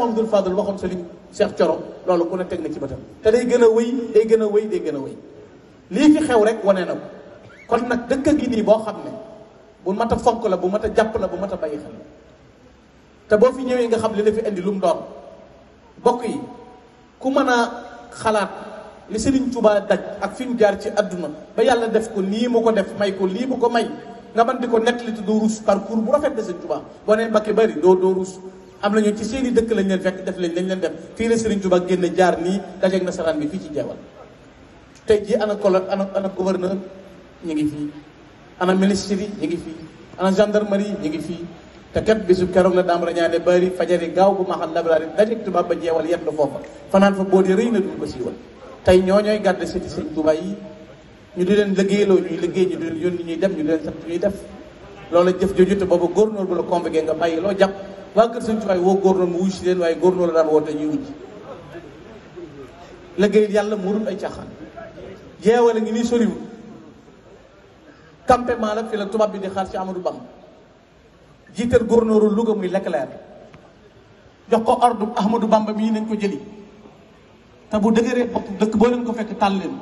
Mouhamadul Fadal waxoon Serigne Cheikh Thioro loolu ku ne teg na ci bëtam te day gën a wëy day gën a wëy day gën a wëy lii fi xew rek wane na kon nag dëkk gi nii boo xam ne bu mat a fonk la bu mat a jàpp la bu mat a bàyyi xel te boo fi ñëwee nga xam li la fi indi lu mu bokk yi ku mën a xalaat li Serigne Touba daj ak fi mu jaar ci àdduna ba yàlla def ko nii mu ko def may ko lii mu ko may nga man di ko nettali te doo ruus parcours bu rafet de Serigne Touba am na ñoo ci seen i dëkk lañ leen fekk def lañ lañ leen def fii la Serigne Touba génn jaar nii dajeeg nasaraan bi fii ci jeewal tey jii ana kolo ana ana gouverneur ñu ngi fii ana ministre yi ñu ngi fii ana gendarmerie ñu ngi fii te kat su keroog la daam rañaane bari fajari gaaw bu maxal labraari dajeeg Touba ba jeewal yet lu foofa fanaan fa boo dee rëy na du ko siiwal tey ñoo ñooy gàdde siti Serigne Touba yi ñu di leen liggéeyloo ñuy liggéey ñu di leen yónni ñuy dem ñu di leen ñuy def loolu jëf jooju te boobu góornóor bu la convoqué nga bàyyi loo jàpp waa kër sëñ Tuubaa woo góor noonu mu wuy si leen waaye góor noonu la daan woote ñuy wujj liggéey yàlla mu dul ay caaxaan jeewale ngi nii soriwul campement la fi la tubaab bi di xaar ci Amadou Bam jiital gouverneur Louga muy Leclerc jox ko ordre Ahmadou Bamba mii nañ ko jëli te bu dëgëree bopp dëkk boo leen ko fekk tàll leen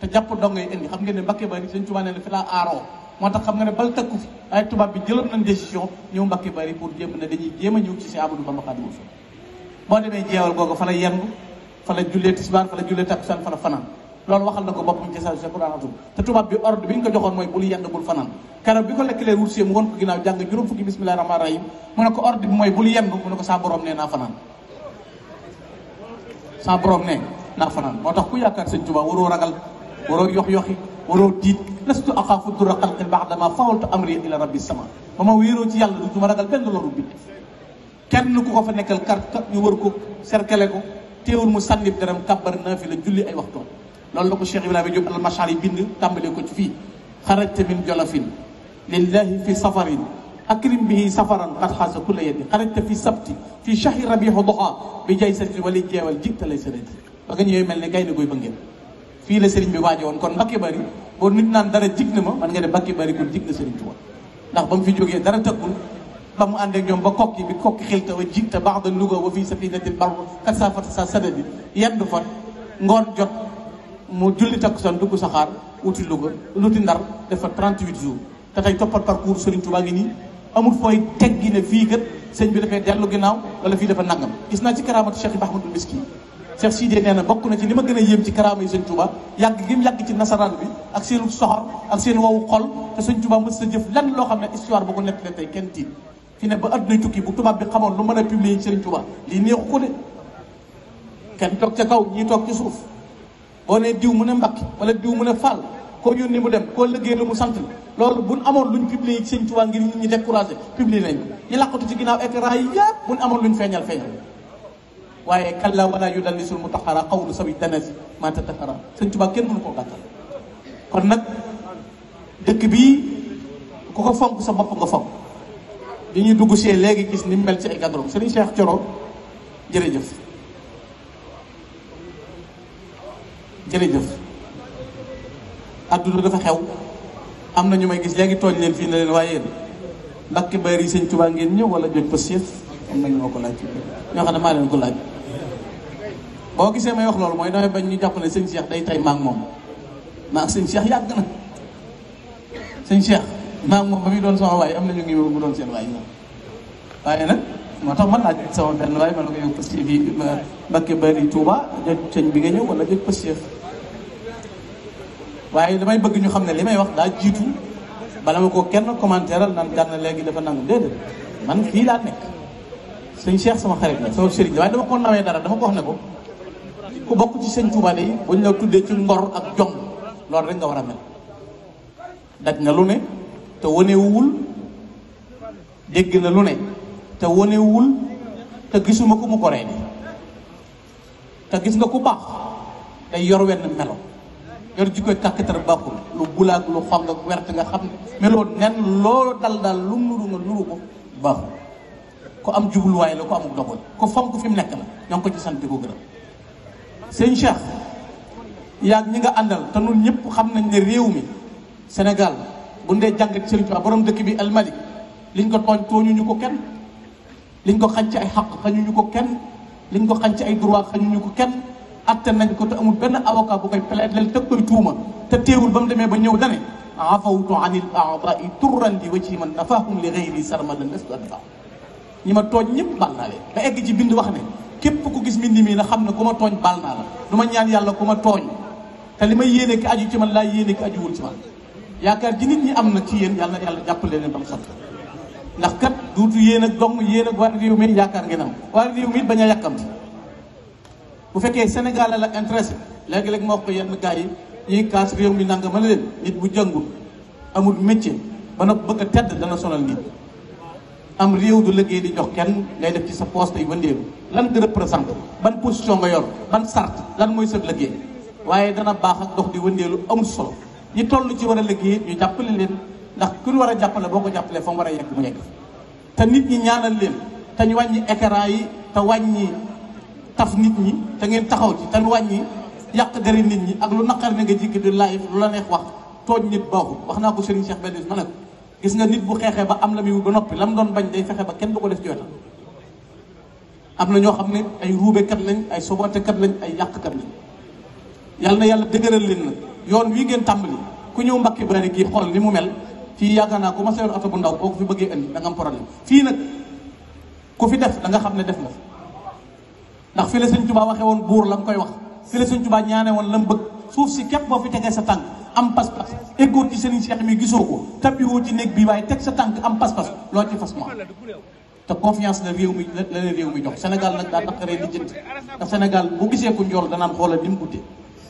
te jàpp dong indi xam ngeen ne Mbàkke bari Sëñ Tuubaa ne la fi laa aaroo moo tax xam nga ne bal takku fi waaye tubaab bi jëloon nañ décision ñëw Mbàkke Bari pour jéem ne dañuy jéem a ñëw ci si Amadou Bamba Xaadimu Rasuul boo demee jeewal googu fa la yendu fa la jullee tisbaar fa la jullee takkusaan na ko boppam ci sa Alxuraan te tubaab bi ordre ko joxoon mooy bul yend bul fanaan keroog bi ko lekkilee roursier mu woon ko ginnaaw jàng juróom fukki bismillahi rahmaani rahim mu ne ko ordre bi mooy bul yend mu ne saa borom fanaan ne naa fanaan moo tax ku yaakaar sañ Tuubaa waroo ragal waroo yox yoxi waroo tiit lastu axaafu durra xalqin ba'da ma fawaltu amri ila rabbi sama ba ma wéeroo ci yàlla du ma ragal benn loru bi kenn ku ko fa nekkal carte ñu wër ko cercle ko teewul mu sànnib daram kàbbar naa fi la julli ay waxtoon loolu la ko Cheikh Ibrahima Diop almachar yi bind tàmbalee ko ci fii xarajta min jolofin lillahi fi safarin akrim bihi safaran xat xaasa kulla yeddi xarajta fi sabti fi shahri rabihu doxa bi jay sati wala jeewal jig ta lay sanati ba nga ñëwee mel ne gaynde gooy ba ngeen fii la sëriñ bi waaje woon kon Mbakke Bari boo nit naan dara jig na ma man nga ne Mbacke Barikoul jig na Serigne Touba ndax ba mu fi jógee dara tëkkul ba mu ànd ñoom ba kokki bi kokki xil ta wa jig te baax da Louga wa fii safinatil bar kat saa fat sa sada bi yendu fat ngoon jot mu julli takkusaan dugg saxaar wuti Louga luti ndar dafa 38 jours te tey toppat parcours Serigne Touba ngi nii amul fooy teggi ne fii kat sëñ bi dafay dellu ginnaaw wala fii dafa nangam gis naa ci karaamatu Cheikh Ahmadou Miski Cheikh Sidiye nee bokk na ci li ma gën a yéem ci karaama yi sëñ Touba yàgg gi mu yàgg ci nasaraan bi ak seen soxor ak seen wawu xol te sëñ Touba mës sa jëf lan loo xam ne histoire bu ko nekk leen tey kenn tiit fi ne ba adduna tukki bu tubaab bi xamoon lu mën a publier ci sëñ Touba neexu ko de kenn toog ca kaw ñii toog ci suuf boo ne diw mu ne mbakki wala diw mu ne fàll koo yónni mu dem koo liggéey lu mu sant la loolu buñ amoon luñ publier yi ci sëñ Touba ngir nit ñi découragé publier nañ ko ñu làqatu ci ginnaaw écran yi yëpp buñ amoon luñ feeñal feeñal waaye kalla wala yu dal lisul mutaxara xawlu sawi danasi maa tataxara sëñ Tuubaa kenn mënu koo gàttal kon nag dëkk bii ku ko fonk sa bopp nga fonk di ñuy dugg see léegi gis ni mel ci ay gàddoom sëriñ Cheikh Thioro jërëjëf jërëjëf adduna dafa xew am na ñu may gis léegi tooñ leen fii ne leen waaye lakki bayri sëñ Tuubaa ngeen ñëw wala joj pasiyef am na ñu ma ko laaj ñoo xam ne maa leen ko laaj boo gisee may wax loolu mooy damay bañ ñu jàpp ne sëñ Cheikh day tay ma ak moom ma ak sëñ Cheikh yàgg na sëñ Cheikh ma moom ba muy doon sama waay am na ñu ngi mu doon seen waaye nag moo tax man laaj sama benn waay ma ne ko yow Touba sëñ bi nga ñëw wala jot Pastef waaye damay bëgg ñu xam ne li may wax daal jiitu bala ma ko kenn commentéral naan gànna léegi dafa nangu déedéet man fii laa nekk sëñ Cheikh sama xarit la sama sëriñ la waaye dama ko nawee dara dafa box ne ko ku bokk ci sëñ Tuubaa yi buñ la tuddee ci ngor ak jom loolu rek nga war a mel daj na lu ne te wanewul dégg na lu ne te wanewul te gisuma ku mu ko reeni te gis nga ku baax day yor wenn melo yor jikkoy kàkkatar baaxul lu bulaak lu xong ak wert nga xam ne meloo nen loolu dal daal lu nuru nga nuru ko baaxul ku am jubluwaay la ku amul doxul ku fonk fi mu nekk la ñoo ngi ko ci sant di ko gërëm sëñ Cheikh yaag ñi nga àndal te nun ñëpp xam nañ ne réew mi Sénégal bu ndee jàngat Sëriñ Tuubaa borom dëkk bi El liñ ko tooñ tooñuñu ko kenn liñ ko xañ ci ay xaq xañuñu ko kenn liñ ko xañ ci ay droit xañuñu ko kenn atte nañ ko te amul benn avocat bu koy plaidel te koy tuuma te teewul ba demee ba ñëw dane afawtu anil aadai turran li waci man nafahum li gayri sarmadan lastu adfa ñi ma tooñ ñëpp baal naa leen ba egg ci bind wax ne képp ko gis mbind mi na xam ne ku ma tooñ baal naa la du ma ñaan yàlla ku ma tooñ te li may yéene ki aju ci man laa yéene ki ajuwul ci man yaakaar ji nit ñi am na ci yéen yàlla na yàlla jàppale leen bam sotti ndax kat duutu yéen ak dong yéen ak waa réew mi yaakaar ngeen am waa réew mi bañ a yàkkamti bu fekkee Sénégal la intéressé léegi-léegi ma wax ko yenn gars yi ñuy kaas réew mi nanga ma leen nit bu jàngul amul métier ba nag bëgg a tedd dana sonal nit am réew du liggéey di jox kenn ngay def ci sa poste yi wëndeelu lan di représenté ban position nga yor ban sart lan mooy sa liggéey waaye dana baax ak dox di wëndeelu am solo ñi toll ci war a liggéey ñu jàppale leen ndax ku ñu war a jàppale boo ko jàppalee fa mu war a yegg mu yegg te nit ñi ñaanal leen te ñu wàññi écran yi te wàññi taf nit ñi te ngeen taxaw ci te ñu wàññi yàq deri nit ñi ak lu naqar ne nga jikki di live lu la neex wax tooñ nit baaxul wax naa ko Serigne Cheikh benn ma ne gis nga nit bu xeexee ba am na muy ba noppi lam doon bañ day fexe ba kenn du ko def ci am na ñoo xam ne ay ruubekat lañ ay sobootekat lañ ay yàqkat lañ yàlla na yàlla dëgëral leen na yoon wii ngeen tàmbali ku ñëw mbakki bari gii xool li mu mel fii yaakaar naa ku ma seyoon oto bu ndaw boo ko fi bëggee indi da nga am problème fii nag ku fi def da nga xam ne def na ndax fi la sëñ Tuubaa waxee woon buur la nga koy wax fi la sëñ Tuubaa ñaane woon lam bëgg suuf si képp boo fi tegee sa tànk am pas-pas eggoo ci sëriñ Cheikh mi gisoo ko tabbiwoo ci néeg bi waaye teg sa tànk am pas-pas loo ci fas moom te confiance la réew mi la leen réew mi jox Sénégal nag daa naqaree di jënd te Sénégal bu gisee ku njool danaan xoolal dim guddee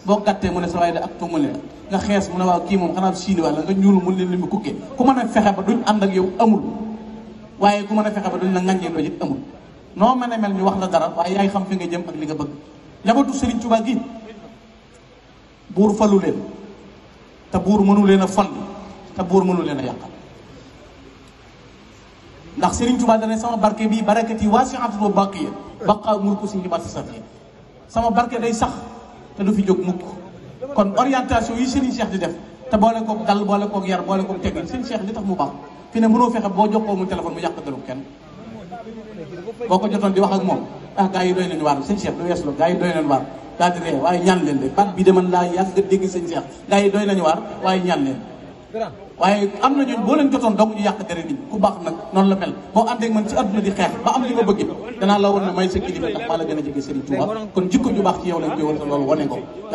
boo gàttee mu ne sa waaye da ak tumale nga xees mu ne waaw kii moom xanaa siini wala nga ñuul mu leen li mu kukkee ku mën a fexe ba duñ ànd ak yow amul waaye ku mën a fexe ba duñ la ŋàññee doo amul noo mën mel ñu wax la dara waaye yaay xam fi nga jëm ak li nga bëgg njabootu Sëriñ Tuubaa gi buur falu te buur mënu leen a fond te buur mënu leen a yàqal ndax Serigne Touba dana sama barke bi barakati waasi'atun wa baaqiyatun baqaa mulku si libaat sa sama barke day sax te du fi jóg mukk kon orientation yi Serigne Cheikh di def te boole koog dal boole koog yar boole koog teggin Serigne Cheikh li tax mu baax fi ne fexe boo jokkoo mu mu yàq dalu kenn boo ko jotoon di wax ak moom ah gaa yi doy leen waar Serigne Cheikh du weesu la gaa yi doy leen waar daal di ree waaye ñaan leen de baat bi de man laa yàgg dégg sëñ Seex gars doy nañu waar waaye ñaan leen waaye am na ñooñu boo leen jotoon dong ñu yàq dere nit ku baax nag noonu la mel boo àndee am li bëgg danaa la woon ne may sa a jege Serigne Touba ko yal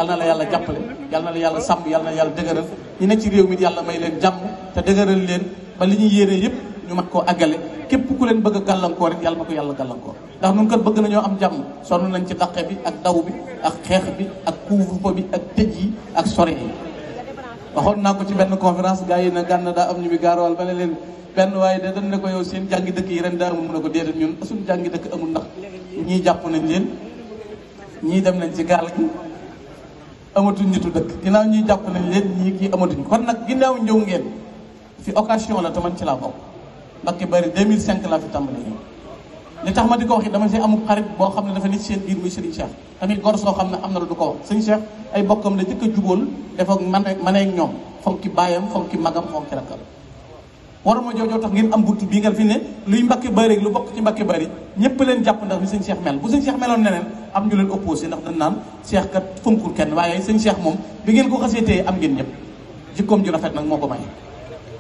la yàlla jàppale yal yàlla sàmm yal na la leen jàmm te ñuy yéene yëpp mat koo àggale képp ku leen bëgg a gàllankoor it yàlla na ko yàlla gàllankoor ndax nun kat bëgg nañoo am jàmm sonn nañ ci daqe bi ak daw bi ak xeex bi ak couvre bi ak tëj yi ak sore yi waxoon naa ko ci benn conférence gars yi na gànn daa am ñu bi gaarawal ba ne leen benn waaye de dañ ne ko yow seen jàngi dëkk yi ren daa amul mun a ko déedéet ñun suñu jàngi dëkk amul ndax ñii jàpp nañ leen ñii dem nañ ci gaal gi amatuñ nitu dëkk dinaa ñii jàpp nañ leen ñii kii amatuñu kon nag ginnaaw ñëw ngeen fi occasion la te man ci laa bokk Mbacké Bari 2005 laa fi tàmbali li tax ma di ko wax it dama see amul xarit boo xam ne dafa nit seen biir muy Serigne Cheikh tamit gor soo xam ne am na lu du ko wax Serigne Cheikh ay bokkam la jëkk a jubóol dafa man man ak ñoom fonki baayam fonki magam fonki tax ngeen am buntu bii nga fi ne luy mbakke bari lu bokk ci mbakke bari ñëpp leen jàpp ndax bi sëñ Cheikh mel bu sëñ Cheikh meloon neneen am ñu leen opposé ndax dañ naan Cheikh kat fonkul kenn waaye sëñ Cheikh moom bi ngeen ko xasee téye am ngeen ñëpp jikkoom ju rafet nag moo ko may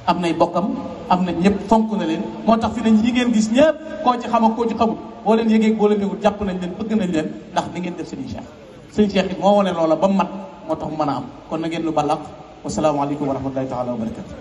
am nay bokkam am na ñëpp fonk ne leen moo tax fi nañ yi ngeen gis ñëpp koo ci xam ak koo ci xamul boo leen yëgee boo leen yëgul jàpp nañ leen bëgg nañ leen ndax ni ngeen def sëriñ Cheikh sëriñ Cheikh it moo wane loola ba mat moo tax mu mën a am kon na ngeen lu balaq wasalaamaaleykum wa rahmatullahi taala wa barakatu